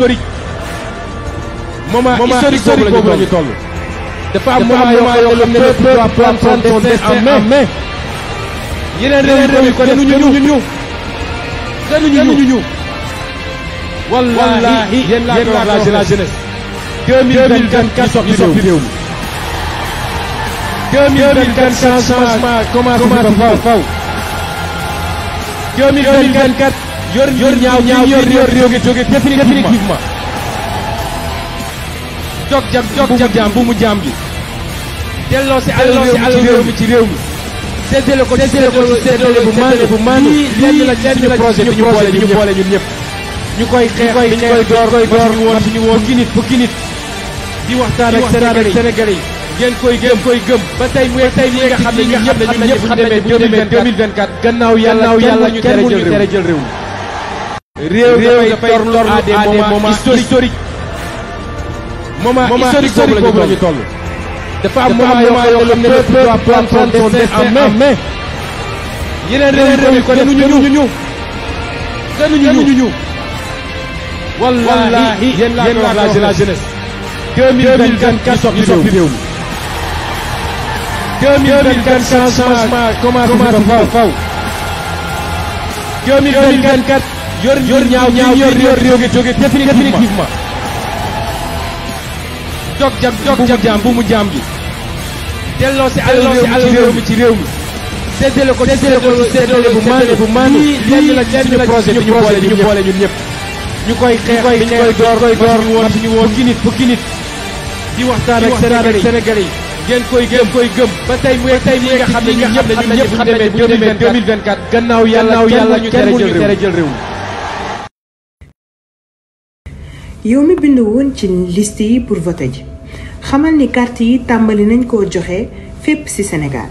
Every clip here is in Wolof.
historique moment historique boobu la ñu toll dafa am moment yoo xam ne a peuple doit prendre son destin en main yeneen réew yi ko def gënuñu ñu gënuñu ñu wallaahi yéen laa koy wax la jeunesse 2024 ñu soxla réew mi 2024 changement commencé na faw 2024 yor yor ñaaw ñaaw yor yor réew mi jóge définitivement jog jam jog jam jaam bu mu jaam gi delloo si àll réew mi ci réew mi séddale ko séddale ko séddale bu maanu bu maanu lenn la projet ñu boole ñu boole ñun ñëpp ñu koy xeex ñu koy door koy door ñu woon suñu woon fukki nit fukki nit di waxtaan ak sénégalais yi ngeen koy gëm koy gëm ba tey mu tey ñi nga xam ne ñun ñëpp xam nañu bu ñu demee 2024 gannaaw yàlla yàlla ñu tere jël réew réew dafay torlu à des moments historiques moment historique boobu la ñu toll. dafa am moment yoo xam ne le peuple doit prendre son destin en main. yeneen réew yi ko def gënuñu ñu. gënuñu ñu. wallaahi yéen laa ko wax la jeunesse. 2024 ñu soppi réew mi. 2024 changement commencé na faw. 2024. yor yor ñaaw ñaaw yor yor réew mi jóge définitivement jog jam jog jam jaam bu mu jaam gi delloo si alal réew mi ci réew mi séddale ko séddale ko séddale bu maane bu maane lenn la lenn la projet bi ñu boole ñu boole ñun ñëpp ñu koy xeex bi ñu koy door koy woon suñu woon fukki nit fukki nit di waxtaan ak sénégalais yi ngeen koy gëm koy gëm ba tey mu tey mu nga xam ne ñun ñëpp xam nañu bu ñu demee gannaaw yàlla yàlla ñu tere jël réew yow mi bindu woon ci liste yi pour voter ji xamal ni carte yi tàmbali nañ koo joxe fépp ci Sénégal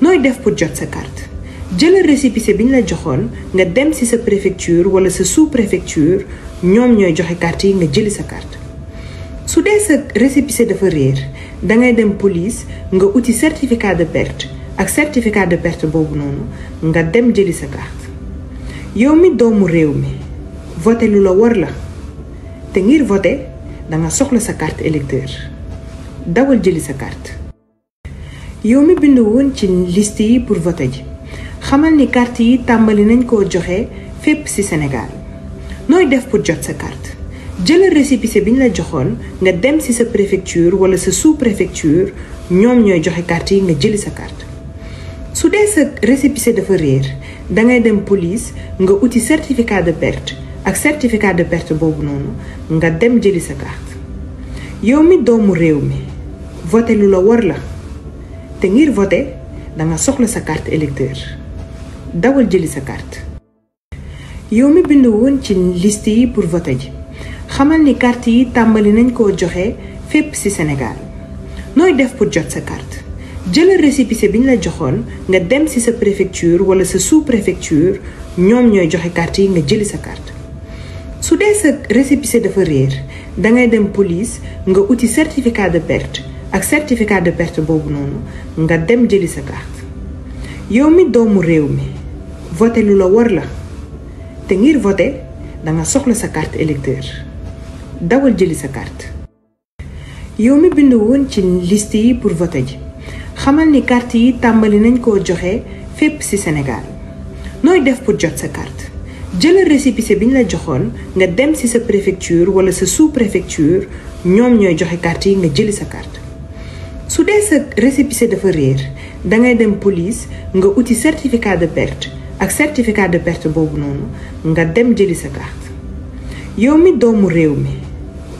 nooy def pour jot sa carte jëlal récépissé bi ñu la joxoon nga dem ci sa préfecture wala sa sous-préfecture ñoom ñooy joxe carte yi nga jëli sa carte su dee sa récépissé dafa réer dangay dem police nga uti certificat de perte ak certificat de perte boobu noonu nga dem jëli sa carte yow mi doomu réew mi voté lu la war la te ngir vote da soxla sa carte électeur dawal jëli sa carte. yow mi bind woon ci liste yi pour vote ji xamal ni carte yi tàmbali nañ koo joxe fépp ci Sénégal nooy def pour jot sa carte jëlal récépissé bi ñu la joxoon nga dem ci sa préfecture wala sa sous-préfecture ñoom ñooy joxe carte yi nga jëli sa carte. su dee sa récépissé dafa réer dangay dem police nga wuti certificat de perte ak certificat de perte boobu noonu nga dem jëli sa carte yow mi doomu réew mi voté lu la war la te ngir voté da soxla sa carte électeur dawal jëli sa carte. yow mi bind woon ci liste yi pour voté ji xamal ni carte yi tàmbali nañ koo joxe fépp ci senegal nooy def pour jot sa carte jëlal récépissé bi ñu la joxoon nga dem ci sa préfecture wala sa sous-préfecture ñoom ñooy joxe carte yi nga jëli sa carte. su dee sa récépissé dafa réer da ngay dem polis nga wuti certificat de perte ak certificat de perte boobu noonu nga dem jëli sa carte yow mi doomu réew mi voté lu la war la te ngir voté da nga soxla sa carte électeur dawal jëli sa carte. yow mi bind woon ci liste yi pour voté ji xamal ni carte yi tàmbali nañ ko joxe fépp ci Sénégal nooy def pour jot sa carte. jëlal récépissé bi ñu la joxoon nga dem ci sa préfecture wala sa sous-préfecture ñoom ñooy joxe carte yi nga jëli sa carte su dee sa récépissé dafa réer dangay dem police nga wuti certificat de perte ak certificat de perte boobu noonu nga dem jëli sa carte yow mi doomu réew mi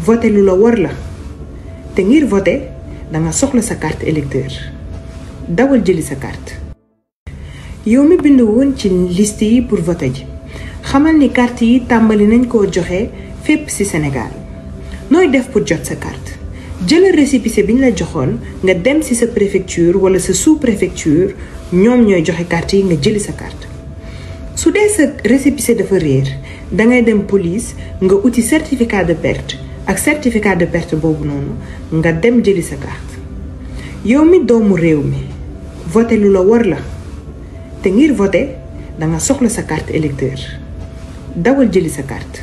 voté lu la war la te ngir voté danga soxla sa carte électeur dawal jëli sa carte yow mi bind woon ci liste yi pour voté ji xamal ni carte yi tàmbali nañ koo joxe fépp ci Sénégal nooy def pour jot sa carte jëlal récépissé bi ñu la joxoon nga dem ci sa préfecture wala sa sous-préfecture ñoom ñooy joxe carte yi nga jëli sa carte su dee sa récépissé dafa réer dangay dem police nga wuti certificat de perte ak certificat de perte boobu noonu nga dem jëli sa carte yow mi doomu réew mi voté lu la war la te ngir voté danga soxla sa carte électeur dawal jëli sa carte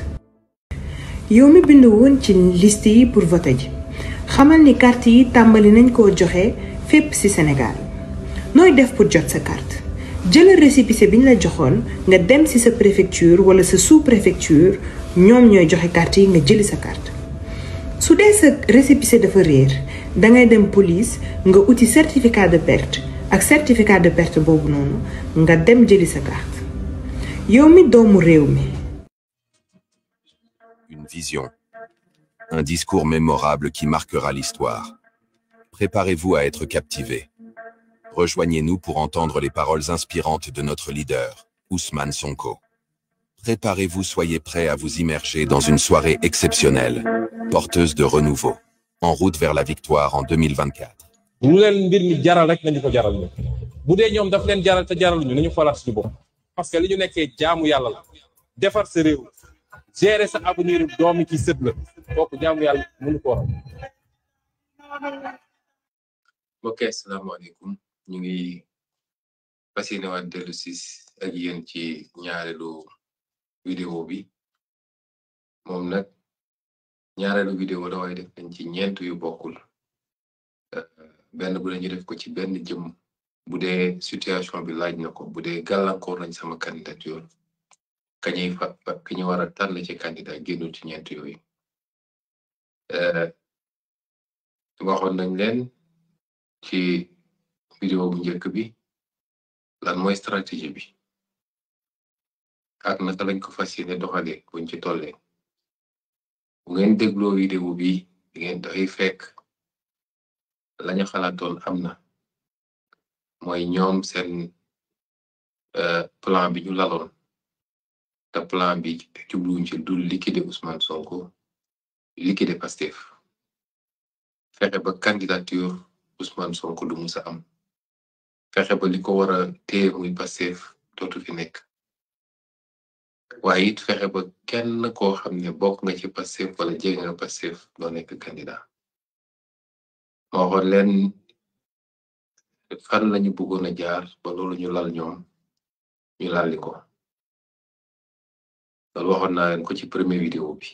yow mi bind woon ci liste yi pour voter ji xamal ni carte yi tàmbali nañ ko joxe fépp ci senegal nooy def pour jot sa carte jëlal récépissé biñ la joxoon nga dem ci sa préfecture wala sa sous-préfecture ñoom ñooy joxe carte yi nga jëli sa carte su dee sa récépissé dafa réer dangay dem police nga uti certificat de perte ak certificat de perte boobu noonu nga dem jëli sa carte yow mi doomu réew mi vision. Un discours mémorable qui marquera l'histoire. Préparez-vous à être captivé. Rejoignez-nous pour entendre les paroles inspirantes de notre leader, Ousmane Sonko. Préparez-vous, soyez prêts à vous immerger dans une soirée exceptionnelle, porteuse de renouveau, en route vers la victoire gérer sax avenir doomi ci sët la kooku jaamu yàlla mënu ko wax. ok salaamaaleykum ñu ngi fas yéene ak yéen ci ñaareelu vidéo bi moom nag ñaareelu vidéo la waaye def nañ ci ñeent yu bokkul euh, benn bu la ñu def ko ci benn jëm bu dee situation bi laaj na ko bu dee gàllankoor nañ sama candidature. kañuy fa ki ñu war a tànn ci candidat génnul ci ñeent yooyu waxoon nañ leen ci vidéo bu njëkk bi lan mooy stratégie bi ak naka lañ ko fas yéene doxale buñ ci tollee bu ngeen dégloo vidéo bi di ngeen doxi fekk lañu xalaatoon am na mooy ñoom seen plat bi ñu laloon te plan bi jubluwuñ ci du liquider Ousmane Sonko liquider Pastef fexe ba candidature Ousmane Sonko du musa am fexe ba li ko war a téye muy fi nekk waaye fexe ba kenn koo xam ne bokk nga ci Pastef wala jege nga Pastef doo nekk candidat moo xool leen fan lañu bëggoon a jaar ba loolu ñu lal ñoom ñu lalli ko loolu waxoon naa leen ko ci premier vidéo bi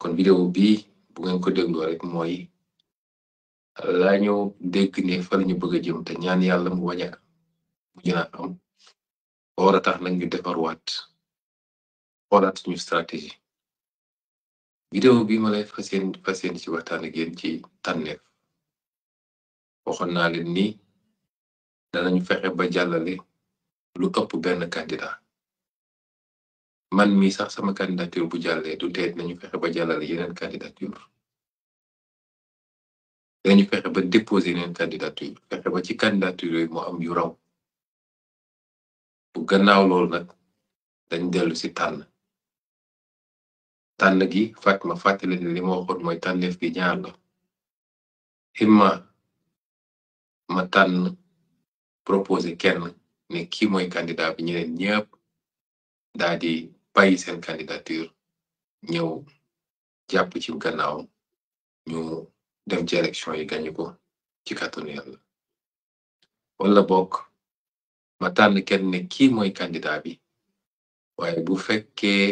kon vidéo bi bu ngeen ko dégloo rek mooy laa ñu dégg ne fa la ñu bëgg a jëm te ñaan yàlla mu wàññi mu gën a am ba war a tax nag ñu defarwaat xoolaat suñu stratégie vidéo bi ma lay fas yéene fas ci waxtaan ak yéen ci tànneef waxoon naa leen ni danañu fexe ba jàllale lu ëpp benn candidat man mii sax sama candidature bu jàllee du teet nañu fexe ba jàllale yeneen candidature dañu fexe ba déposer yeneen candidature fexe ba ci candidature yooyu moo am yu bu gannaaw loolu nag dañ dellu si tànn tànn gi fàtt ma fàttali ne li ma waxoon mooy tànneef bi ñaar la imma ma tànn proposé kenn ne kii mooy candidat bi ñeneen ñëpp daa bàyyi seen candidature ñëw jàpp ci gannaaw ñu dem ci élection yi gañu ko ci kàttanu yàlla wala bokk ma tànn kenn ne kii mooy candidat bi waaye bu fekkee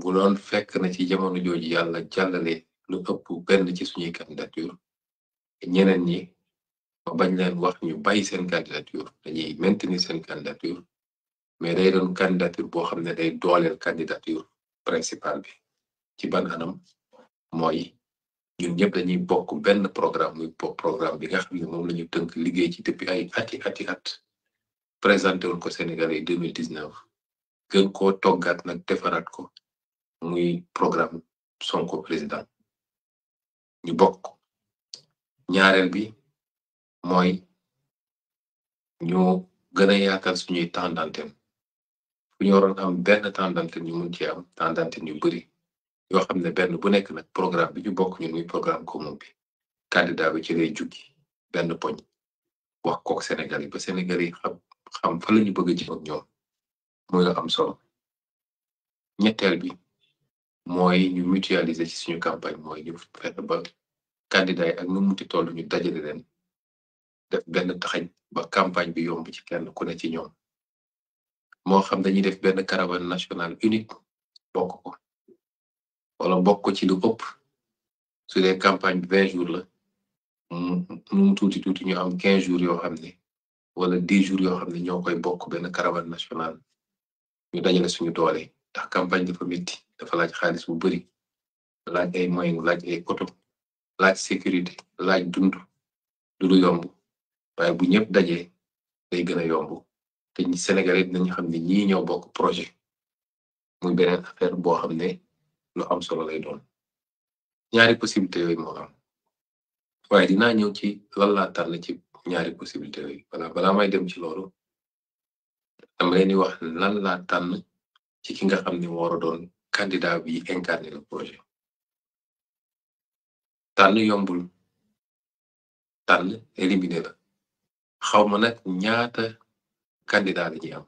bu doon fekk na ci jamono jooju yàlla jàllale lu ëpp benn ci suñuy candidature ñeneen ñi ma bañ leen wax ñu bàyyi seen candidature dañuy maintenir seen candidature mais day doon candidature boo xam ne day dooleel candidature principale bi ci ban anam mooy ñun ñëpp dañuy bokk benn programme muy programme bi nga xam ne moom la ñu tënk liggéey ci depuis ay ati ati at présenté woon ko Sénégalais yi deux mille dix neuf gën koo toggaat nag defaraat ko muy programme Sonko président ñu bokk ñaareel bi mooy ñu gën a yaatal suñuy temps bu ñu waroon am benn temps d'antenne ñu mun ci am temps d'antenne yu bëri yoo xam ne benn bu nekk nag programme bi ñu bokk ñun muy programme commun bi candidat bi ci lay jukki benn poñ wax kook Sénégal yi ba Sénégal yi xam xam la ñu bëgg a jëm ak ñoom muy la am sol ñetteel bi mooy ñu mutualiser ci suñu campagne mooy ñu fexe ba candidat yi ak nu mu ti toll ñu dajale leen def benn taxañ ba campagne bi yomb ci kenn ku ne ci ñoom. moo xam dañuy def benn caravane nationale unique bokk ko wala bokk ko ci lu ëpp su dee campagne bi vingt jours la mu tuuti tuuti ñu am quinze jours yoo xam ne wala dix jours yoo xam ne ñoo koy bokk benn caravane nationale ñu dajale suñu doole ndax campagne dafa métti dafa laaj xaalis bu bari laaj ay moyens laaj ay oto laaj sécurité laaj dund du lu yomb waaye bu ñëpp daje day gën a yomb. te ñi Sénégalais dinañ xam ne ñii ñoo bokk projet mu beneen affaire boo xam ne lu am solo lay doon ñaari possibilité yooyu moo am waaye dinaa ñëw ci lan laa tànn ci ñaari possibilité yooyu wala balaa may dem ci loolu dama leen ni wax la laa tànn ci ki nga xam ne war a doon candidat bi incarné le projet tànn yombul tànn éliminé la xaw ma nag ñaata candidat la ñuy am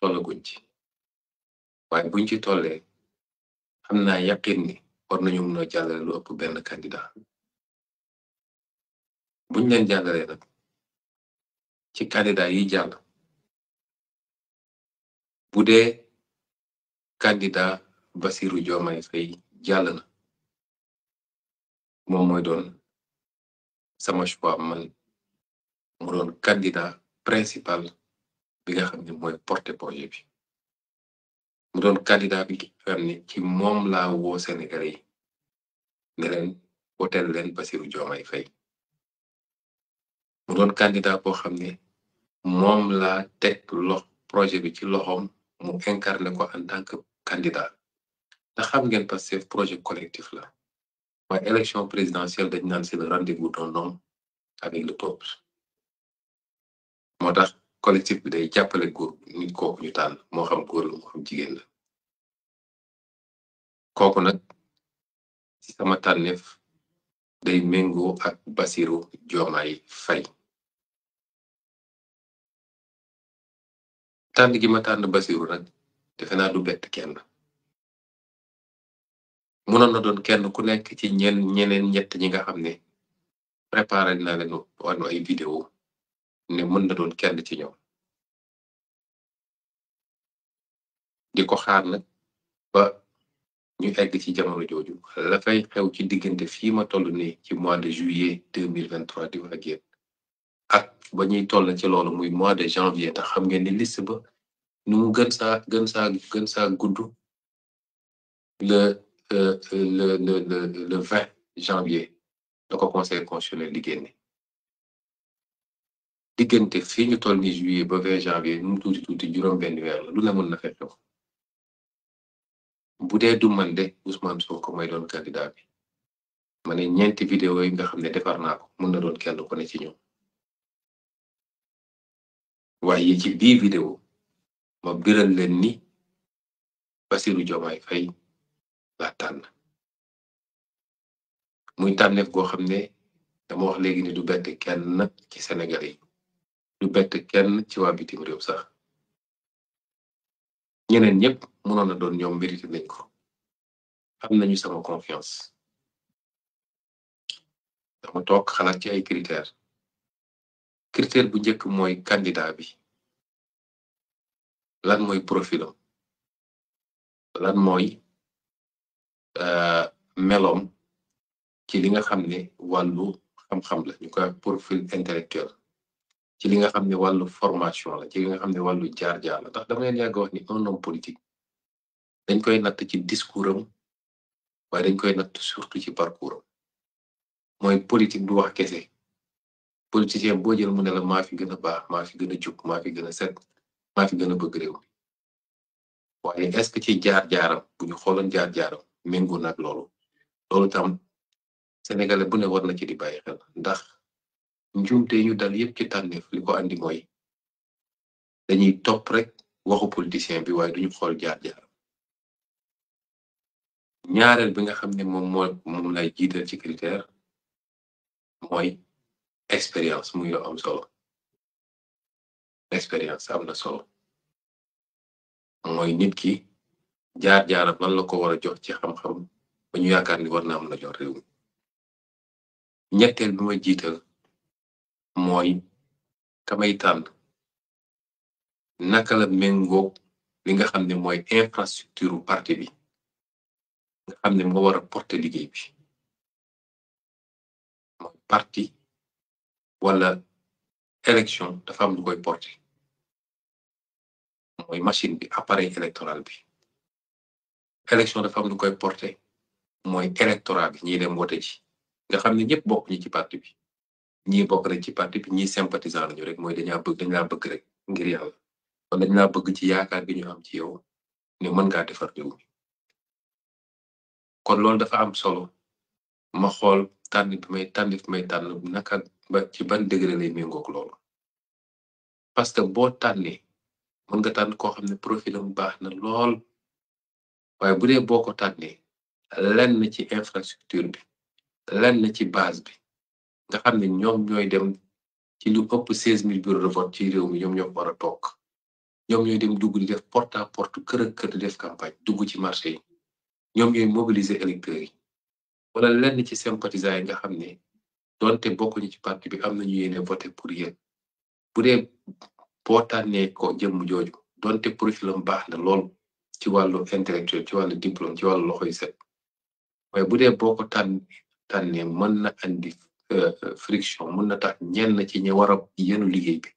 tollaguñ ci waaye buñ ci tollee xam naa yaqin ni war nañu mun lu ëpp benn candidat buñ leen jàllalee nag ci candidat yi jàll bu dee candidat Bassirou Diomaye Faye jàll na moom mooy doon sama choix man mu doon candidat principal bi nga xam ne mooy porte projet bi mu doon candidat bi xam ne ci moom laa woo Sénégalais yi ne leen woteel leen Bassirou Diomaye Faye mu doon candidat boo xam ne moom la teg lox projet bi ci loxoom mu incarné ko en tant que candidat ndax xam ngeen parce que projet collectif la waaye élection présidentielle dañ naan c'est le rendez-vous d'un homme avec le peuple moo tax collectif bi day jàppale góor kooku ñu tànn moo xam góor moo xam jigéen la kooku nag sama tànneef day méngoo ak Basiru Joomaay Fay tànn gi ma tànn Basiru nag defe naa du bett kenn mënoon na doon kenn ku nekk ci ñen ñeneen ñett ñi nga xam ne préparé naa leen woon ay vidéo ne mën na doon kenn ci ñoom di ko xaar na ba ñu egg ci jamono jooju la fay xew ci diggante fii ma toll nii ci mois de juillet deux mille vingt trois di wax ak ak ba ñuy toll ci lool muy mois de janvier te xam ngeen ni liste ba nu mu gën saa gën saa gën saa gudd le euh, euh, le le le le vingt janvier da conseil constitutionnel di génne diggante fii ñu toll ni juillet ba vingt janvier nu tuuti tuuti juróom-benn weer la lu la mën na fekk bu dee du man de Ousmane Sonko mooy doon candidat bi ma ñeenti vidéo yi nga xam ne defar naa ko mën na doon kenn ku ci ñoom waaye ci bii vidéo ma biral leen ni Bassirou Diomaye Faye laa tànn muy tànneef goo xam ne dama wax léegi ni du bett kenn ci Sénégalais du bett kenn ci waa bitim réew sax ñeneen ñëpp mënoon na doon ñoom mérité nañ ko am nañu sama confiance dama toog xalaat ci ay critères critère bu njëkk mooy candidat bi lan mooy profilam lan mooy euh, meloom ci li nga xam ne wàllu xam-xam la ñu koy profil intellectuel ci li nga xam ne wàllu formation la ci li nga xam ne wàllu jaar-jaar la ndax dama leen yàgg wax ni un homme politique dañ koy natt ci discours am waaye dañ koy natt surtout ci parcours mooy politique du wax kese politicien boo jël mu ne la maa fi gën a baax maa fi gën a jub maa fi gën a set maa fi gën a bëgg réew mi waaye est ci jaar-jaaram bu ñu xooloon jaar-jaaram méngoo nag loolu loolu tam sénégalais bu ne war na ci di bàyyi xel ndax. njuumte ñu dal yëpp ci tànneef li andi mooy dañuy topp rek waxu politicien bi waaye duñu xool jaar-jaar ñaareel bi nga xam ne moom moo moom lay jiital ci critère mooy expérience muy lu am solo expérience am na solo mooy nit ki jaar jaar lan la ko war a jox ci xam-xam ba ñu yaakaar ni war na am na jox réew mi ñetteel bi ma jiital mooy kamay tànn naka la méngoog li nga xam ne mooy infrastructure parti bi nga xam ne moo war a porter liggéey bi mooy parti wala élection dafa am lu koy porter mooy machine bi appareil électoral bi élection dafa am lu koy porter mooy électorat bi ñiy dem nga xam ne ñëpp bokk ñi ci parti bi ñii bokk rek ci parti bi ñii sympathisant lañu rek mooy dañaa bëgg dañ laa bëgg rek ngir yàlla dañ laa bëgg ci yaakaar gi ñu am ci yow ne mën ngaa defar réew mi kon loolu dafa am solo ma xool tànn bi may tànn fi may tànn naka ba ci ban degré lay méngoog loolu parce que boo tànnee mën nga tànn koo xam ne profil am baax na lool waaye bu dee boo ko tànnee na ci infrastructure bi na ci base bi nga xam ne ñoom ñooy dem ci lu ëpp seize mille bureaux de vote ci réew mi ñoom ñoo ko war a toog ñoom ñooy dem dugg di def porte à porte kër kër di def campagne dugg ci marché yi ñoom ñooy mobiliser électeurs wala lenn ci sympathisants yi nga xam ne doonte bokkuñu ci parti bi am nañu yéene voté pour yéen bu dee boo tànnee ko jëmm jooju donte profilam baax na lool ci wàllu intellectuel ci wàllu diplôme ci wàllu loxoy set waaye bu dee boo ko mën na andi Euh, euh, friction mun na tax ñenn ci ñi war yenu liggéey bi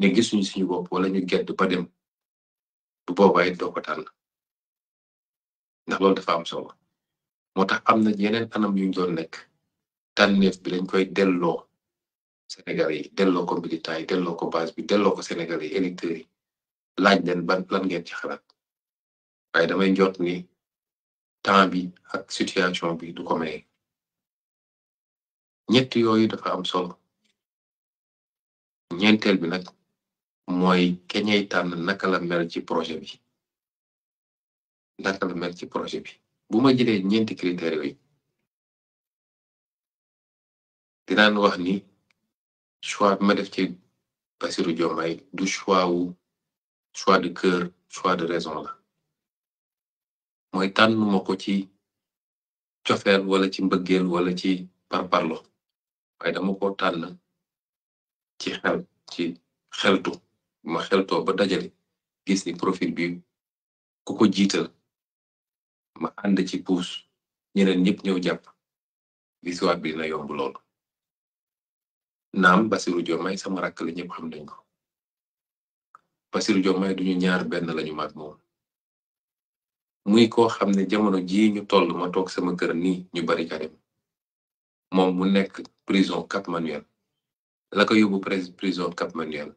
ne gisuñu suñu bopp wala ñu gedd ba dem bu boobaa it tànn ndax loolu dafa am solo moo tax am na yeneen anam yuñ doon nekk tànneef bi dañ koy delloo Sénégal yi delloo ko militant yi delloo ko base bi delloo ko Sénégal yi électeurs yi laaj leen ban lan ngeen ci xalaat waaye damay njot ni temps bi ak situation bi du ko ñett yooyu dafa am solo ñeenteel bi nag mooy keñey tànn naka la mel ci projet bi naka la mel ci projet bi bu ma jëlee ñeenti critères yooyu dinaan wax ni choix bi ma def ci Bassirou Diomaye du choix wu choix de cœur choix de raison la mooy tànn ma ko ci cofeel wala ci mbëggeel wala ci parparlo waaye dama ko tànn ci xel ci xeltu ma xeltoo ba dajale gis ni profit bi ku ko jiital ma ànd ci puus ñeneen ñëpp ñëw jàpp victoire bi na yomb lool naam Bassirou Diomaye sama rakk la ñëpp xam nañ ko Bassirou Diomaye duñu ñaar benn lañu mag moom muy ko xam ne jamono ji ñu toll ma toog sama kër nii ñu bari dem moom mu nekk prison Cap Manuel la yóbbu prison Cap Manuel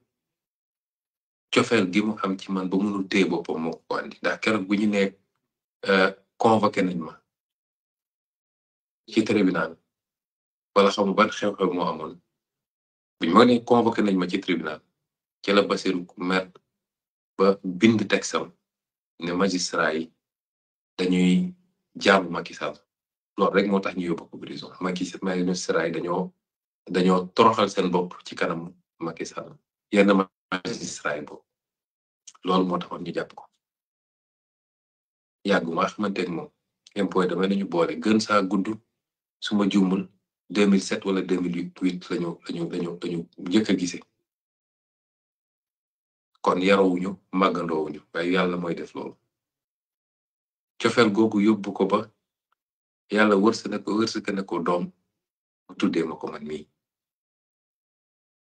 cofeel gi mu am ci man ba mënul téye boppam moo andi ndax keroog bu ñu ne euh, convoqué nañ ma ci tribunal wala xamu ban xew-xew moo amoon bu ñu ma ne convoqué nañ ma ci tribunal ci la Basiru mer ba bind texam ne magistrat dañuy jàmm Macky loolu rek moo tax ñu yóbbu ko prison Macky magistrat yi dañoo dañoo toroxal seen bopp ci kanam Macky Sall yenn magistrat yi boobu loolu moo taxoon ñu jàpp ko yàgg maa xamante ne moom impôt damay nañu boole gën saa gudd su ma juumul 2007 wala 2008 lañu lañu lañu lañu njëkk a gisee kon yarawuñu màggandoowuñu waaye yàlla mooy def loolu cofeel googu yóbbu ko ba yàlla wërsëg na ko wërsëg doom mu tuddee ma ko man mii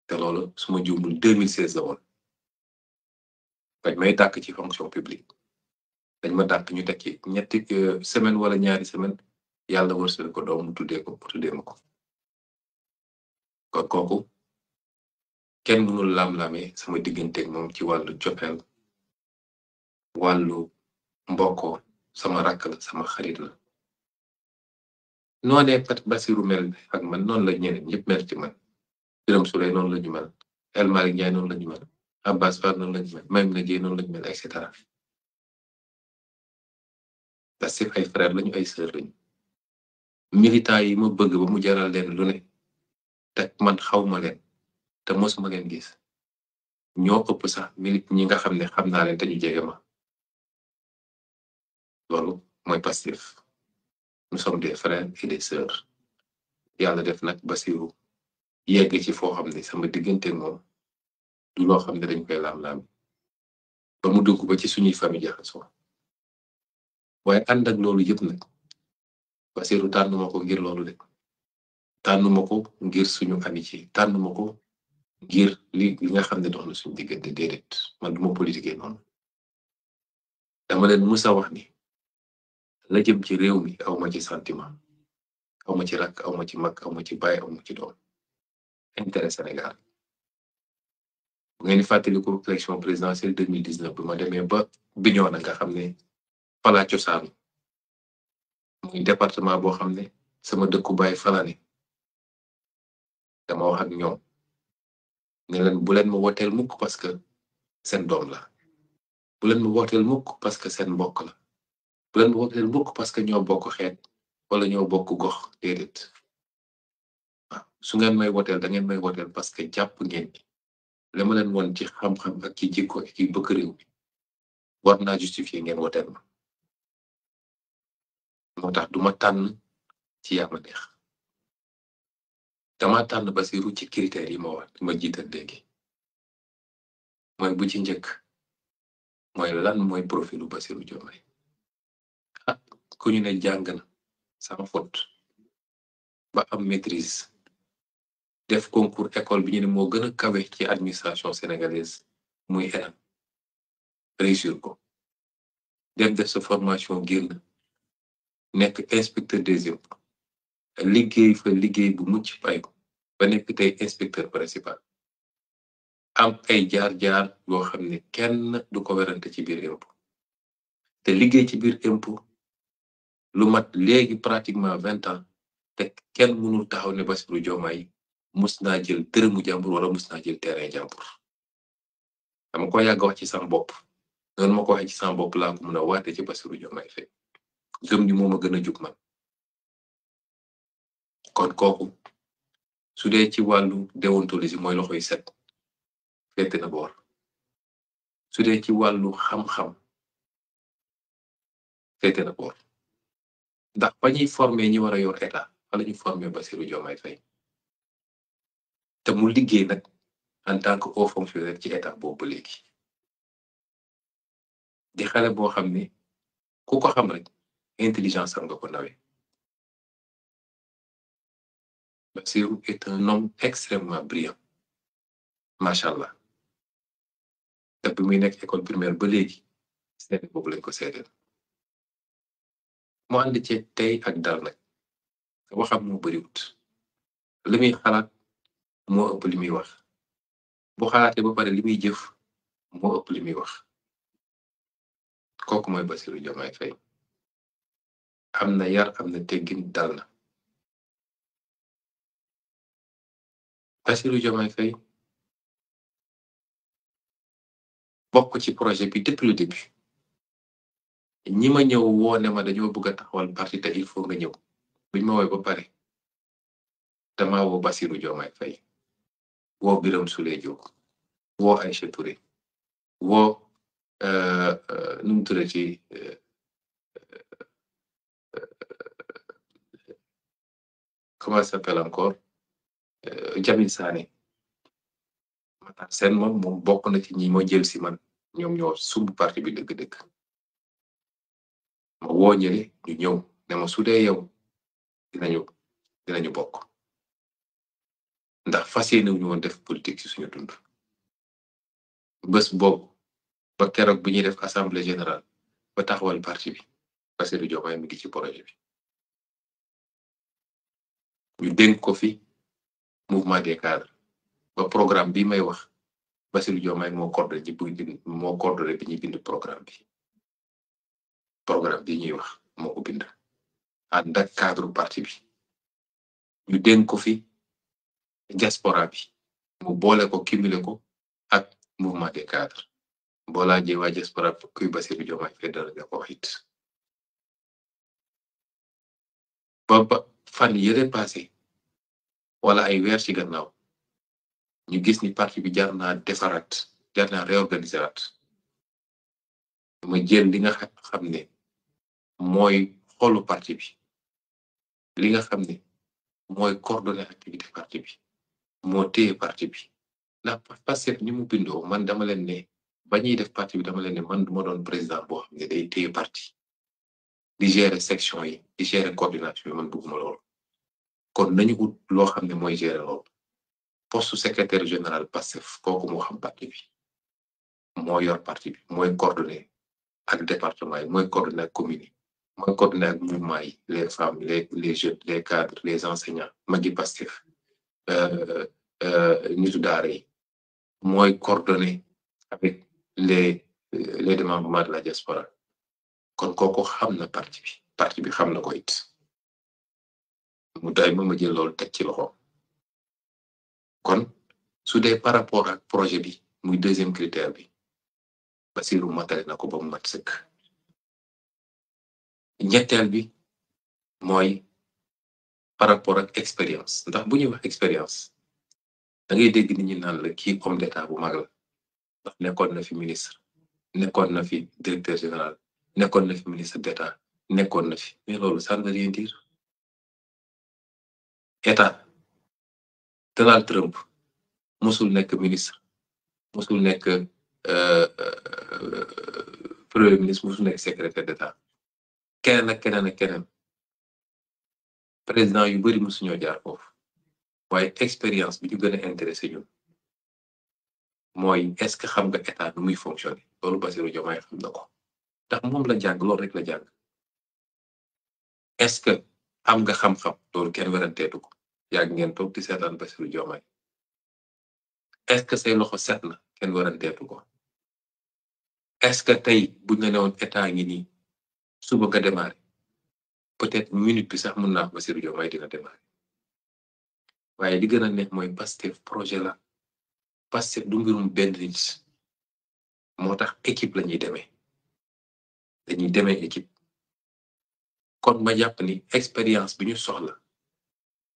te loolu suma juumul 2016 la woon dañ may tàkk ci fonction publique dañ ma tàkk ñu tekki ñetti euh, semaine wala ñaari semaine yàlla wërsëg na ko doom mu tuddee ko mu tuddee ma ko kon kooku kenn mënul lam-lame sama digganteeg moom ci wàllu cofeel wàllu mbokko sama rakk la sama xarit la noonee pat Basiru mel ak man noonu la ñeneen ñëpp mel ci man Biram Souley noonu la ñu mel El Malick Ndiaye noonu la ñu mel Abbas Fall noonu la ñu mel Maymuna Jéey noonu la ñu et cetera parce ay frère lañu ay sœur lañu militant yi ma bëgg ba mu jaral leen lu ne te man xaw ma leen te mosuma leen gis ñoo ëpp sax milit ñi nga xam ne xam naa leen te ñu jege ma loolu mooy Pastef nous sommes des frères et des sœurs yàlla def nag Basiru yegg ci foo xam ne sama diggante moom du loo xam ne dañ koy laam-laam ba mu dugg ba ci suñuy famille jaxasoo waaye ànd ak loolu yëpp nag Basiru tànn ma ko ngir loolu de tànn ma ko ngir suñu amitié tànn ma ko ngir li li nga xam ne dox na suñu diggante déedéet man du politiquer noonu dama leen musa wax ni. la jëm ci réew mi awma ci sentiment awma ci rakk awma ci mag awma ci baay awma ci doom intérêt Sénégal bu ngeen di fàttaliku élection présidentielle deux mille dix neuf bi ma demee ba bi Bignona nga xam ne fala cosaanu muy département boo xam ne sama dëkku baay falane dama wax ak ñoom ne leen bu leen ma wooteel mukk parce que seen doom la bu leen ma wooteel mukk parce que seen mbokk la bu leen wax leen bokk parce que ñoo bokk xeet wala ñoo bokk gox déedéet waaw su ngeen may woteel da ngeen may woteel parce que jàpp ngeen ni li ma leen woon ci xam-xam ak ci jikko ak ci bëgg réew war naa justifier ngeen woteel ma moo tax duma tànn ci yaa neex dama tànn Basiru ci critères yi ma wax ma jiital léegi mooy bu ci njëkk mooy lan mooy profilu Basiru Diomaye ku ñu ne jàng na sans fot ba am maîtrise def concours école bi ñu ne moo gën a kawe ci administration sénégalaise muy ENAM réussir ko dem def sa formation génn nekk inspecteur des impôts liggéey fa liggéey bu mucc pay ko ba nekk tey inspecteur principal am ay jaar-jaar yoo xam ne kenn du ko werante ci biir impôt liggéey ci biir impôt lu mat léegi pratiquement vingt ans te kenn mënul taxaw ne Bassirou Diomaye mus naa jël dërëmu jàmbur wala mus naa jël terrain jàmbur dama ko yàgg wax ci sama bopp noonu ma ko waxee ci sama bopp laa ko mën a ci Bassirou Diomaye Faye gëm ni moom a gën a jug man kon kooku su dee ci wàllu déontologie mooy loxoy set fett na boor sudee ci wàllu xam-xam fett na boor ndax ba ñuy formé ñi war a yor état wala ñu formé ba Diomaye Faye te mu liggéey nag en tant que haut fonctionnaire ci état boobu léegi di xale boo xam ne ku ko xam rek intelligence am nga ko nawee Bassirou est un homme extrêmement brillant macha allah te bi muy nekk école primaire ba léegi seede boobu lañ ko seedeel mu ànd ceeg tey ak dal waxam moo bariwut li muy xalaat moo ëpp li muy wax bu xalaatee ba pare li muy jëf moo ëpp li muy wax kooku mooy Basiru Jomaay Fay am na yar am na teggin dal na Basiru Jomaay Fay bokk ci projet bi depuis le début ñi ma ñëw woo ne ma dañoo bëgg a taxawal parti te il faut nga ñëw buñ ma woowee ba pare damaa woo Bassirou Diomaye Faye woo Birame Souleye Diop woo Aïcha Touré woo euh, euh, nu mu tuddee ci euh, comment ça s'appelle encore Jamil Sané Matar Sène moom moom bokk na ci ñi ma jël si man ñoom ñoo sumb parti bi dëgg-dëgg. ma woo ñële ñu ñëw ne ma su dee yow dinañu dinañu bokk ndax fas yéene wu ñu woon def politique ci suñu dund bës boobu ba keroog bi ñuy def assemblée général ba taxawal parti bi Bassirou Diomaye mi ngi ci projet bi ñu dénk ko fi mouvement des cadres ba programme bi may wax Bassirou Diomaye moo coordonné moo coordonné bi ñuy bind programme bi programme bi ñuy wax moo ko bind ànd ak cadre parti bi ñu dénk ko fi diaspora bi mu boole ko cumulé ko ak mouvement des cadres boo laajee waa diaspora kuy Bassirou Diomaye Faye dara nga ko wax ba ba fan yële passé wala ay weer ci gannaaw ñu gis ni parti bi jar naa defaraat jar ma jël li nga xam mooy xoolu parti bi li nga xam ne mooy coordonné activité parti bi moo téye parti bi ndax Pastef ni mu bindoo man dama leen ne ba ñuy def parti bi dama leen ne man duma doon président boo xam ne day téye parti di gérer section yi di gérer coordination yi man bëgguma loolu kon nañu ut loo xam ne mooy gérer loolu poste secrétaire général Pastef kooku moo xam parti bi moo yor parti bi mooy coordonné ak département yi mooy coordonné ak commune ma coordonné ak mouvement yi les femmes les les jeunes les cadres les enseignants magi Pastef euh, euh, nitu daara yi mooy coordonné avec les euh, les démembrements de la diaspora kon kooku xam na parti bi parti bi xam na ko it mu doy ma ma jël loolu teg ci loxo kon su dee par rapport ak projet bi muy deuxième critère bi Basirou matale na ko ba mu mat sëkk. ñetteel bi mooy par rapport ak expérience ndax bu ñuy wax expérience da ngay dégg nit ñi naan la kii homme d'état bu mag la ndax nekkoon na fi ministre nekkoon na fi directeur général nekkoon na fi ministre d'état nekkoon na fi mais loolu ça ne veut rien dire état Trump mosul nekk ministre mosul nekk euh, euh, euh, premier ministre mosul nekk secrétaire d'état keneen ak keneen ak keneen président yu bari mosuñoo jaar foofu waaye expérience bi ñu gën a intéressé ñun mooy est-ce que xam nga état nu muy fonctionner loolu Bassirou Diomaye xam na ko ndax moom la jàng loolu rek la jàng est-ce que am nga xam-xam loolu kenn teetu ko yàgg ngeen toog di seetaan Bassirou Diomaye est-ce que say loxo set na kenn weranteetu ko est-ce que tey buñ la newoon état ngi nii suba nga démarré peut-être minute bi sax mun naa Bassirou Diomaye dina démarré waaye li gën a neex mooy Pastef projet la Pastef du mbirum benn nit moo tax équipe la ñuy demee dañuy demee équipe kon ma jàpp ni expérience bi ñu soxla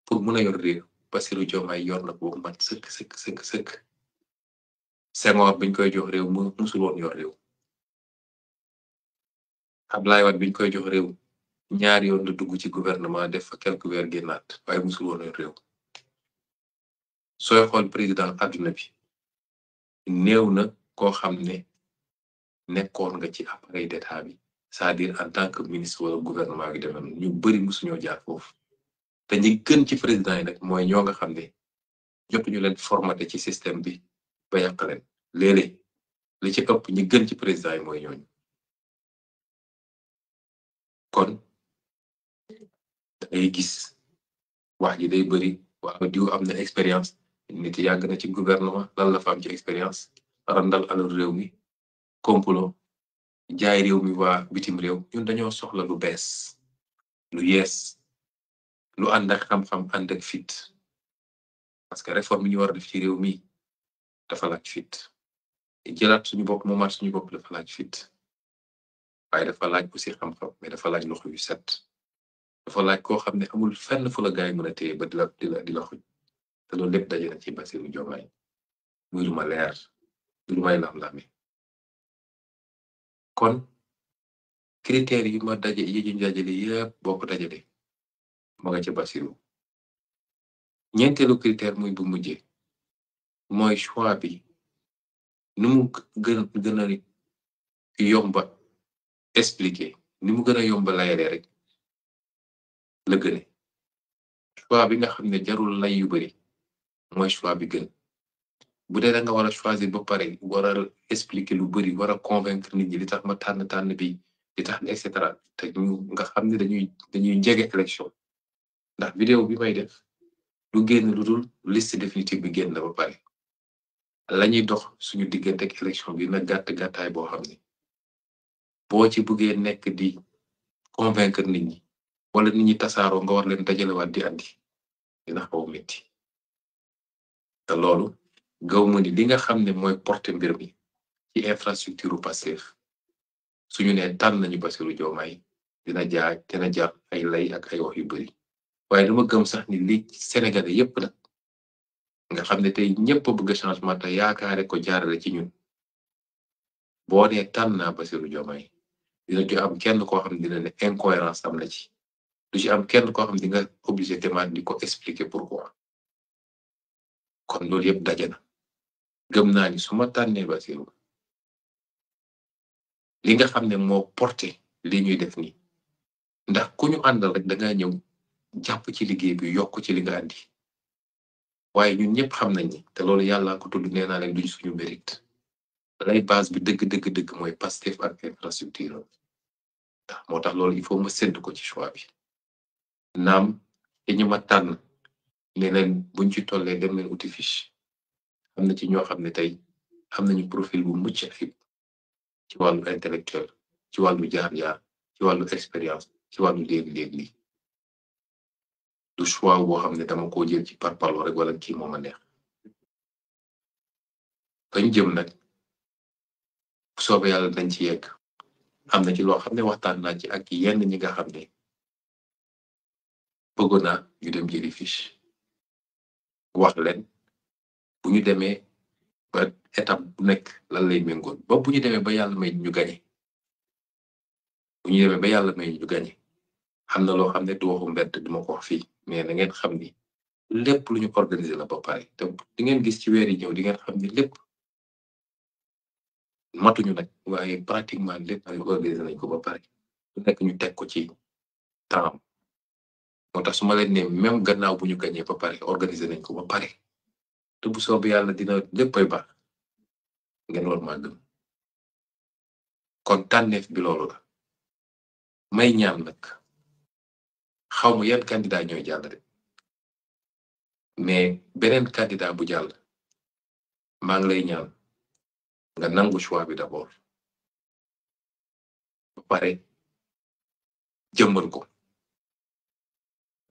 pour mun a yor réew Bassirou Diomaye yor na ko man sëkk sëkk sëkk sëkk Senghor biñ koy jox réew mu musul woon yor réew Ablaye Wade biñ koy jox réew ñaari yoon la dugg ci gouvernement def fa quelques weer génnaat waaye musul woon réew sooy xool président adduna bi néew na koo xam ne nekkoon nga ci appareil d'état bi c'est-à-dire en tant que ministre wala gouvernement bi demee ñu bëri musuñoo jaar foofu te ñi gën ci président yi nag mooy ñoo nga xam ne jotuñu leen formaté ci système bi ba yàq leen léeg li ci ëpp ñi gën ci président yi mooy ñooñu. kon ay gis wax ji day bëri waaw diw am na expérience nit yàgg na ci gouvernement lan la fa am ci expérience randal alal réew mi complot jaay réew mi waa bitim réew ñun dañoo soxla lu bees lu yees lu ànd ak xam-xam ànd fit parce que réforme yi ñu war a def ci réew mi dafa laaj fit jëlaat suñu bopp moomaat suñu bopp dafa laaj fit waaye dafa laaj aussi xam-xam mais dafa laaj loxo yu set dafa laaj koo xam ne amul fenn fu la gaay mën a téye ba di la te loolu lépp daje na ci Bassirou Diomaye muy lu ma leer lu may lam-lami kon critères yi ma daje yi ñu dajale yëpp boo ko dajale ma nga muy bu mujje mooy choix bi nu mu yomba expliquer ni mu gën a yomb layalee rek la gëne choix bi nga xam ne jarul lay yu bëri mooy choix bi gën bu dee da nga war a choisir ba pare war a expliquer lu bari war a convaincre nit ñi li tax ma tànn tànn bi li tax et cetera te nga xam ne dañuy dañuy jege élection ndax vidéo bi may def lu génn lu dul liste définitive bi génn na ba pare la ñuy dox suñu diggante ak bi na gàtt gàttaay boo xam ne. boo ci buggee nekk di convaincre nit ñi wala nit ñi tasaaroo nga war leen dajalewaat di andi dina xaw metti te loolu gaw ma ni li nga xam ne mooy porte mbir mi ci infrastructure Pastef suñu ne tànn nañu Bassirou Diomaye dina jaar dina jar ay lay ak ay wax yu bari waaye dama gëm sax ni li Sénégalais yépp nag nga xam ne tey ñépp bëgg changement te yaakaare ko jaarale ci ñun boo nee tànn naa Bassirou Diomaye dina ci am kenn koo xam ne dina ne incohérence am na ci du ci am kenn koo xam ne di nga obligé demande di ko expliquer pourquoi kon loolu yëpp daje na gëm naa ni su ma tànnee Basiru li nga xam ne moo porté li ñuy def nii ndax ku ñu àndal rek da nga ñëw jàpp ci liggéey bi yokk ci li nga andi waaye ñun ñëpp xam nañ ni te loolu yàlla ko tudd nee naa leen duñ suñu mérite lay base bi dëgg dëgg dëgg mooy Pastef ak infrastructure moo tax loolu il faut ma sédd ko ci choix bi naam te ñu ma tànn leneen buñ ci tollee dem leen uti fiche am na ci ñoo xam ne tey am nañu profil bu mucc ayib ci wàllu intellectuel ci wàllu jaar-jaar ci wàllu expérience ci wàllu léegi-léegi lii du choix boo xam ne dama koo jël ci parparloo rek wala kii moo a neex bañ jëm nag soobe soobee yàlla dañ ci yegg am na ci loo xam ne waxtaan naa ci ak yenn ñi nga xam ne bëggoon naa ñu dem jëli fiche wax leen bu ñu demee ba étape bu nekk lan lay méngoon ba bu ñu demee ba yàlla may ñu gañe bu ñu demee ba yàlla may ñu gañe am na loo xam ne du waxu mbedd du ma ko wax fii mais na ngeen xam ni lépp lu ñu organiser la ba pare te di ngeen gis ci weer yi ñëw di ngeen xam ni lépp matuñu nag waaye pratiquement lépp organisé nañ ko ba pare su nekk ñu teg ko ci temps moo tax su ma leen ne même gannaaw bu ñu gañee ba pare organisé nañ ko ba pare te bu soob yàlla dina léppay baax ngeen war maa kon tànneef bi loolu la may ñaan nag xaw ma yan candidat ñooy jàll de mais beneen candidat bu jàll maa ngi lay ñaan nga nangu choix bi d'abord ba pare jëmmal ko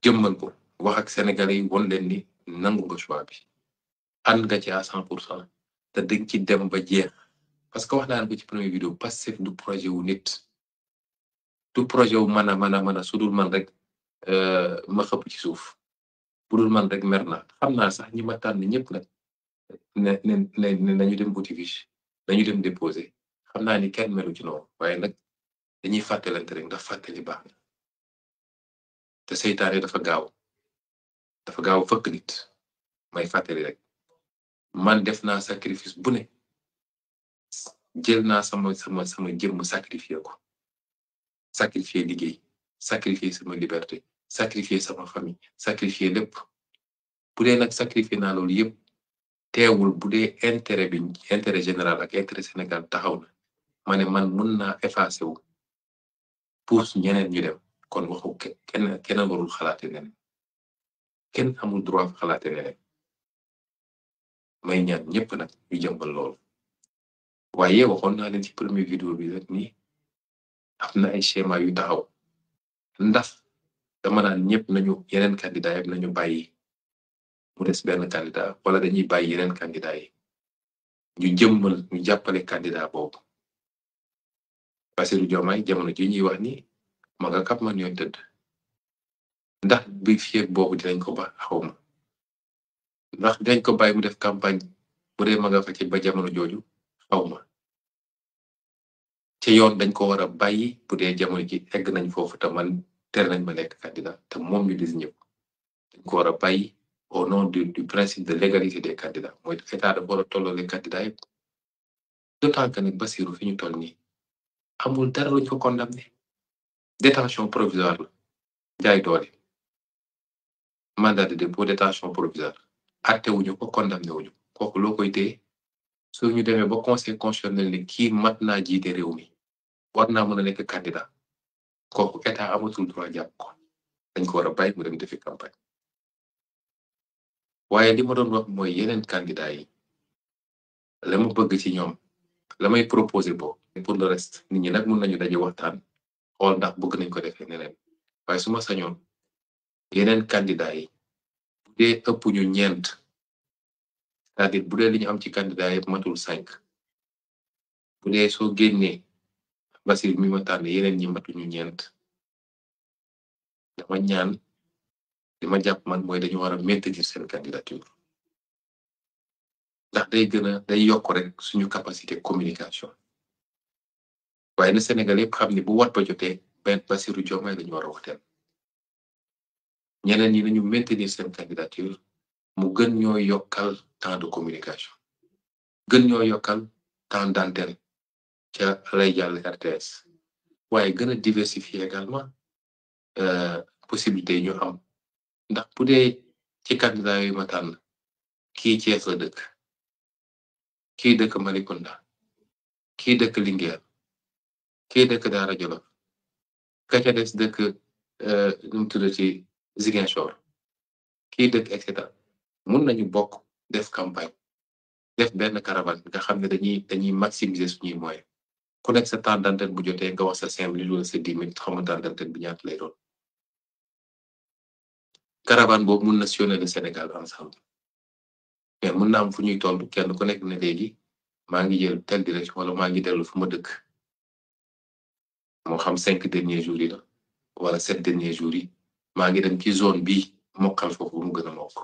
jëmmal ko wax ak sénégalais yi won leen ni nangu nga choix bi ànd nga ci à cent pour cent te dëgg ci dem ba jeex parce que wax naan ko ci première vidéo Pastef du projet wu nit du projet wu mën a mën a mën a sudul man rek euh, ma xëpp ci suuf budul man rek mer na xam naa sax ñi ma tànn ñëpp nag ne ne ne nañu dem bouti fiche nañu dem déposé xam naa ni kenn melu ci waaye nag dañuy fàttalante rek ndax fàttali baax na te seytaane dafa gaaw dafa gaaw fëkk nit may fàttali rek man def naa sacrifice bu ne jël naa sama sama sama jëmm sacrifié ko sacrifié liggéey sacrifié sama liberté sacrifié sama famille sacrifié lépp bu dee nag sacrifié naa loolu yëpp teewul bu dee intérêt bi intérêt général ak intérêt Sénégal taxaw na ma ne mun naa effacé wu pousse ñeneen ñu dem kon waxu kenn kenn warul xalaate neneen kenn amul droit xalaate neneen may ñaan ñëpp nag ñu jëmbal lool waaye waxoon naa leen ci premier vidéo bi rek ni am na ay schéma yu taxaw ndax dama naan ñëpp nañu yeneen candidat yëpp nañu bàyyi. mu des benn candidat wala dañuy bàyyi yeneen candidat yi ñu jëmmal ñu jàppale candidat boobu Bassirou Diomaye jamono ji ñuy wax ni ma kap man yoon tëdd ndax bi fiyeeg boobu dinañ ko ba xaw ma ndax dañ ko bàyyi mu def campagne bu dee ma nga fa ci ba jamono jooju xaw ma ci yoon dañ ko war a bàyyi bu dee jamono ji egg nañ foofu te man te nañ ma nekk candidat te moom ñu désigné ko dañ ko war a bàyyi au nom du du principe de l'égalité des candidats mooy état dafa war a tolloole candidats yëpp d'autant que fi ñu toll nii amul dara luñ ko condamné détention provisoire la jaay doole mandat de dépôt détention provisoire atte wuñu ko condamné wuñu kooku loo koy téye su ñu demee ba conseil constitutionnel ne kii mat naa jiite réew mi war naa mën a nekk candidat kooku état amatul droit jàpp ko dañ ko war a bàyyi mu dem defi campagne waaye li doon wax mooy yeneen candidat yi la ma bëgg ci ñoom la may proposé bo pour le reste nit ñi nag mun nañu daje waxtaan xool ndax bëgg nañ ko defee neneen waaye su ma sañoon yeneen candidat yi bu dee ñeent c'est-à-dire bu dee li am ci candidat yëpp matul cinq bu dee soo génnee Basir mi ma tànn yeneen ñi matuñu ñeent dama ñaan li ma jàpp man mooy dañu war a maintenir seen candidature ndax day gën day yokk rek suñu capacité communication waaye na Sénégal yëpp xam ni bu wat ba jotee benn Bassirou Diomaye la ñu war a waxtaan ñeneen ñi nañu maintenir seen candidature mu gën ñoo yokkal temps de communication gën ñoo yokkal temps d'antenne ca lay jàll RTS waaye gën a diversifier également euh, possibilité yi ñu am ndax bu dee ci candidat yooyu ma tànn kii Cees dëkk kii dëkk Malicounda kii dëkk Linguère ki dëkk Daara Jolof ka ca des dëkk nu mu tudd ci Ziguinchor kii dëkk et cetera mun nañu bokk def campagne def benn caravane nga xam ne dañuy dañuy maximiser suñuy moyens ku nekk sa temps d'antenne bu jotee nga wax sa cinq minutes wala sa dix minutes xamul bi ñaata lay doon. caravane boobu mun na sillonner le Sénégal ensemble mais mun na am fu ñuy toll kenn ko nekk na léegi maa ngi jël telle direction wala maa ngi dellu fu ma dëkk moo xam cinq derniers jours wala sept derniers jours maa ngi dem ci zone bi mokkal foofu mu gën a mokk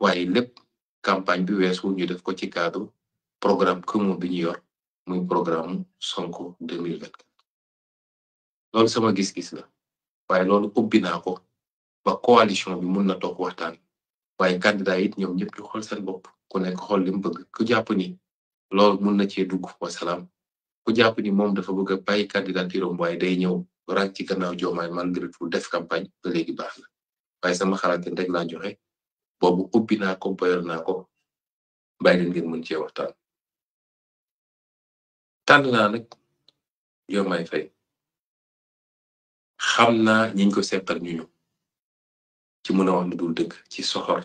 waaye lépp campagne bi weesu ñu def ko ci cadre programme commun bi ñu yor muy programme Sonko deux sama gis-gis la waaye loolu ubbi naa ko. ba coalition bi mun na toog waxtaan waaye candidat yi ñoom ñëpp ñu xool seen bopp ku nekk xool li bëgg ku jàpp ni lool mun na cee dugg wa ku jàpp ni moom dafa bëgg a bàyyi candidature am waaye day ñëw ràcc ci gannaaw joomaay malgré tout def campagne ba baax na waaye sama xalaat rek laa joxe boobu ubbi naa ko boyal naa ko bàyyi leen ngeen mun cee waxtaan. tànn naa nag joomaay fay xam naa ñiñ ko seqal ñu ñu. ci mën a wax lu dul dëgg ci soxor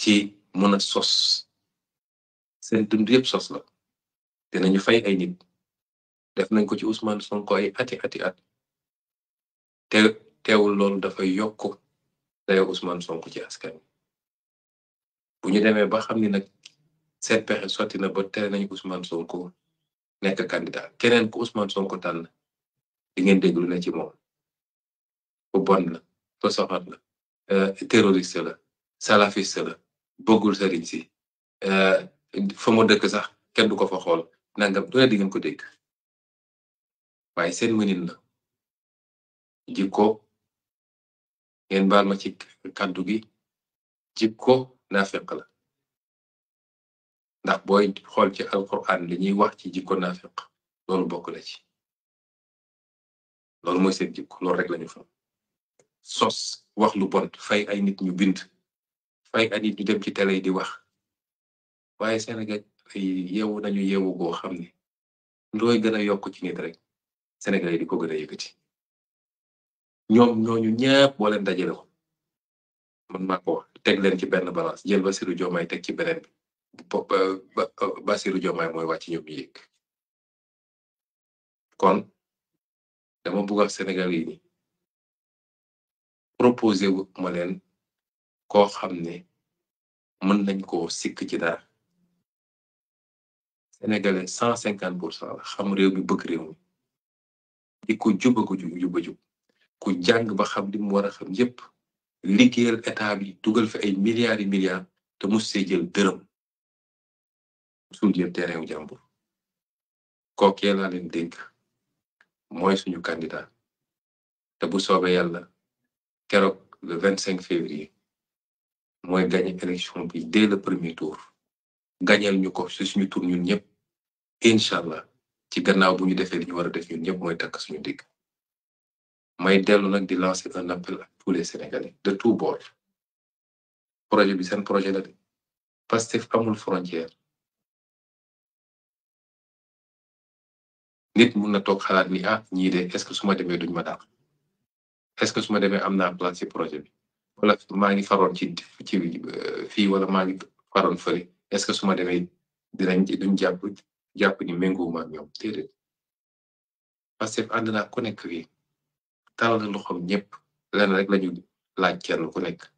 ci mën a sos seen dund yëpp sos la dinañu fay ay nit def nañ ko ci Ousmane Sonko ay ati ati at te teewul loolu dafay yokk dayo Ousmane Sonko ci askan bu ñu demee ba xam ni nag seen pexe sotti na ba tere nañ Ousmane Sonko nekk candidat keneen ku Ousmane Sonko tànn di ngeen déglu ne ci moom bu bon la. fasoxat la eh, terroriste la salafiste la bëggul sa si eh, fa mu dëkk sax kenn du ko fa xool nangam doone di ngeen ko dégg waaye seen mënin la jikko ngeen baal ma ci kàddu gi jikko naafeq la ndax booy xool ci alquran li ñuy wax ci jikko naafeq loolu bokk na ci loolu mooy seen jikko loolu rek lañu fa sos wax lu bon fay ay nit ñu bind fay ay nit ñu dem ci tele di wax waaye Sénégal yeewu nañu yew goo xam ne looy gën a yokk ci nit rek Sénégal yi di ko gën a yëkkati ñoom ñooñu ñëpp boo leen dajale ko man maa leen ci benn balance jël Basirou Diomaye teg ci beneen bi Basirou Diomaye mooy wàcc ñoom yéeg kon dama bugg a Sénégal yi nii proposé wu ma koo xam ne mën nañ ko sikk ci dara sénégalais cent cinquante pour cent xam réew mi bëgg réew mi di ko juba ko juba jub ku jàng ba xam li mu war a xam yépp liggéeyal état bi dugal fi ay milliards yi milliards te mu see jël dërëm suul jël terrain wu jàmbur kookee laa leen mooy suñu candidat te bu soobee yàlla keroog le vingt cinq février mooy gagné élection bi dès le premier tour gañeel ñu ko si suñu tour ñun ñëpp incha allah ci gannaaw bu ñu defee li ñu war a def ñun ñëpp mooy takk suñu digg may dellu nag di lancer un appel à tous les sénégalais de tout bord projet bi seen projet la de Pastef amul frontière nit mun na toog xalaat ni ah ñii de est-ce que su ma demee duñ ma dàq est-ce que su ma demee am na place ci projet bi wala maa ngi faroon ci euh, fii wala maa faroon fële est-ce que su ma demee dinañ duñ jàpp jàpp ni méngoowuma ak ñoom déedéet parce que ànd na ku nekk fii talal na loxoom ñëpp lenn rek lañu laaj kenn ku nekk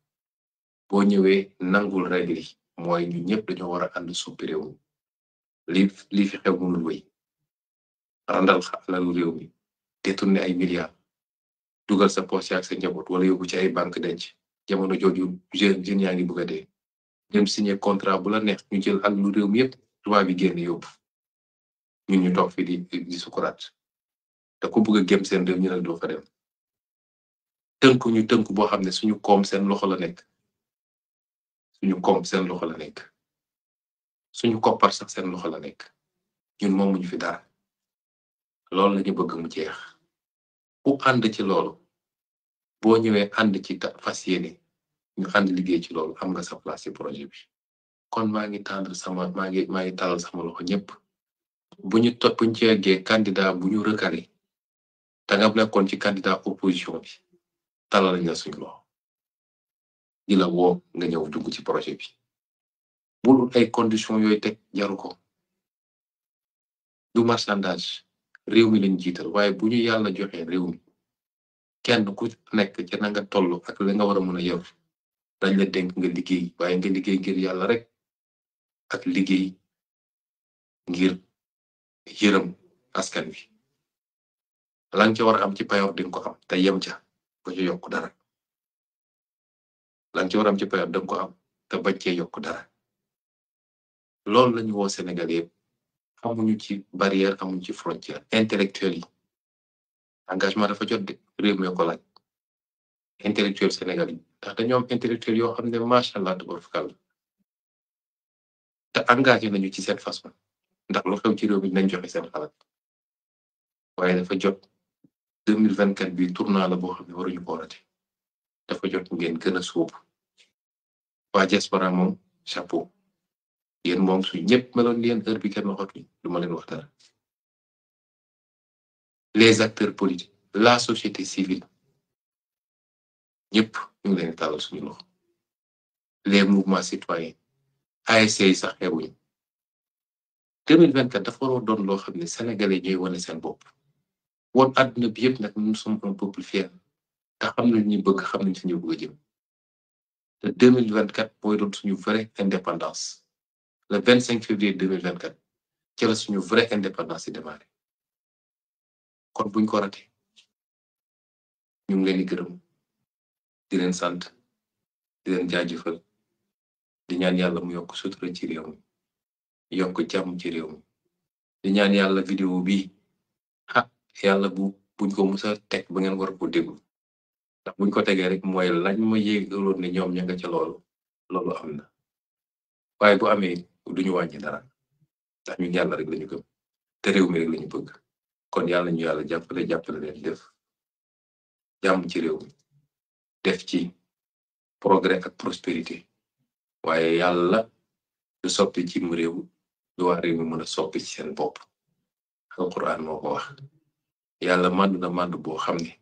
boo ñëwee nangul règle yi mooy ñu ñëpp dañoo war a ànd suppi li li fi xew mënul wéy randal alalu réew mi détourné ay milliards dugal sa poche ak sa njaboot wala yóbbu ci ay banque denc jamono jooju jeune jeune yaa ngi bëgg de dee dem contrat bu la neex ñu jël alalu réew mi yëpp tubaab yi génn yóbbu ñun ñu toog fi di di sukuraat te ku bëgg a gém seen réew ñu ne doo fa dem tënk ñu tënk boo xam ne suñu koom seen loxo la nekk suñu koom seen loxo la nekk suñu koppar sax seen loxo la nekk ñun moomuñu fi dara loolu la ñu bëgg mu jeex. ku ànd ci loolu boo ñëwee ànd ci fas yéene ñu ànd liggéey ci loolu am nga sa place ci projet bi kon maa ngi tendre sama maa ngi maa ngi tàllal sama loxo ñëpp bu ñu topp ñu ci yeggee candidat bu ñu recalé da nga nekkoon ci candidat opposition bi tàllal nañ la suñu loxo di la nga ñëw dugg ci projet bi bul ay conditions yooyu teg jaru ko du marchandage réew mi lañ jiital waaye bu ñu yàlla joxe réew mi kenn ku nekk ci na nga toll ak la nga war a mën a yor dañ la dénk nga liggéey waaye nga liggéey ngir yàlla rek ak liggéey ngir yërëm askan wi la ca war a am ci payoor di nga ko am yem ca ba ca yokk dara la war a am ci payoor da ko am te bañ cee yokk dara loolu lañu woo Sénégal yëpp amuñu ci barrière amuñu ci frontière intellectuel yi engagement dafa jot de réew mi ko laaj Sénégal yi ndax dañoo am intellectuel yoo xam ne macha allah tubarfakàlla te engage nañu ci seen façon ndax lu xew ci réew mi nañ joxe seen xalaat waaye dafa jot deux mille vingt quatre bi tournant la boo xam ne waruñu ko rate dafa jot ngeen gën a sóobu waa diaspora moom chapeau yéen moom su ñëpp meloon yéen heure bi kenn waxatuñ du ma leen wax dara les acteurs politiques la société civile ñëpp ñu leen tàllal suñu loxo les mouvements citoyens ASC yi sax xewuñu deux mille vingt quatre dafa waroo doon loo xam ne sénégalais ñooy wane seen bopp woon àdduna bi yëpp nag nous sommes un peuple fier xam nañ ñu bëgg xam nañ fi ñu te deux mille vingt quatre mooy doon suñu vraie indépendance la vingt cinq février deux mille vingt quatre ci la suñu vraie indépendance yi démarré kon buñ ko raté ñu ngi leen di gërëm di leen sant di leen jaajëfal di ñaan yàlla mu yokk sutura ci réew mi yokk jàmm ci réew mi di ñaan yàlla vidéo bi ah yàlla bu buñ ko musa teg ba ngeen war ko déglu ndax buñ ko tegee rek mooy lañ ma yéegaloon ne ñoom ña nga ca loolu loolu am na waaye bu amee duñu wàññi dara ndax ñun yàlla rek lañu gëm te réew mi rek lañu bëgg kon yàlla ñu yàlla jàppale jàppale leen def jàmm ci réew mi def ci progrès ak prospérité waaye yàlla du soppi ci réew du waa réew mi mën a soppi ci seen bopp alquran moo ko wax yàlla màndu na màndu boo xam ne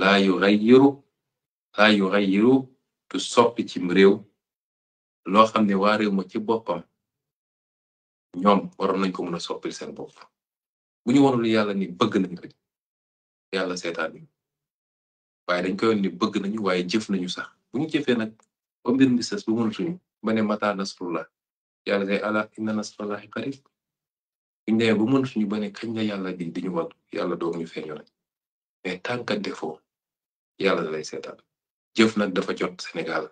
laa yu xayyiru laa yu xayyiru du soppi ci réew loo xam ne waa réew ma ci boppam ñoom waroon nañ ko mën a soppil seen bopp bu ñu wanul yàlla ni bëgg nañ rek yàlla seetaan ñu dañ koy ni bëgg nañu waaye jëf nañu sax bu ñu jëfee nag ba mbir mi sës bu mënatuñu ba ne mata nasrullah yàlla kay ala inna nasrallahi qarib bu ñu demee ba mënatuñu ba yàlla di di ñu wal yàlla doog ñu feeñu rek mais tant que yàlla da seetaan jëf nag dafa jot Sénégal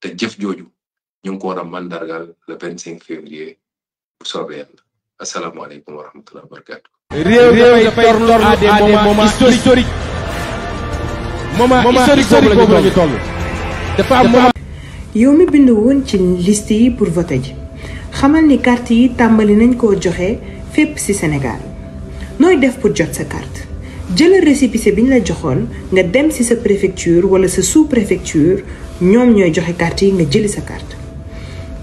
te jëf jooju ñu ngi ko war a mandargal le vingt cinq février bu soobee yàlla asalaamaaleykum wa rahmatulah wa barakaatu. réew dafay dafa am moment. yow mi bind woon ci list yi pour voter ji xamal ni carte yi tàmbali nañ koo joxe fépp ci Sénégal nooy def pour jot sa carte jëlal récépissé biñ ñu la joxoon nga dem ci sa préfecture wala sa sous-préfecture ñoom ñooy joxe carte yi nga jëli sa carte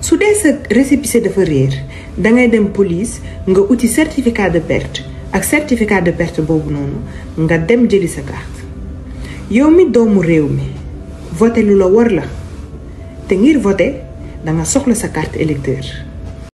su dee sa récépissé dafa réer. da ngay dem police nga wuti certificat de perte ak certificat de perte boobu noonu nga dem jëli sa carte yow mi doomu réew mi voté lu la war la te ngir voté da soxla sa carte électeur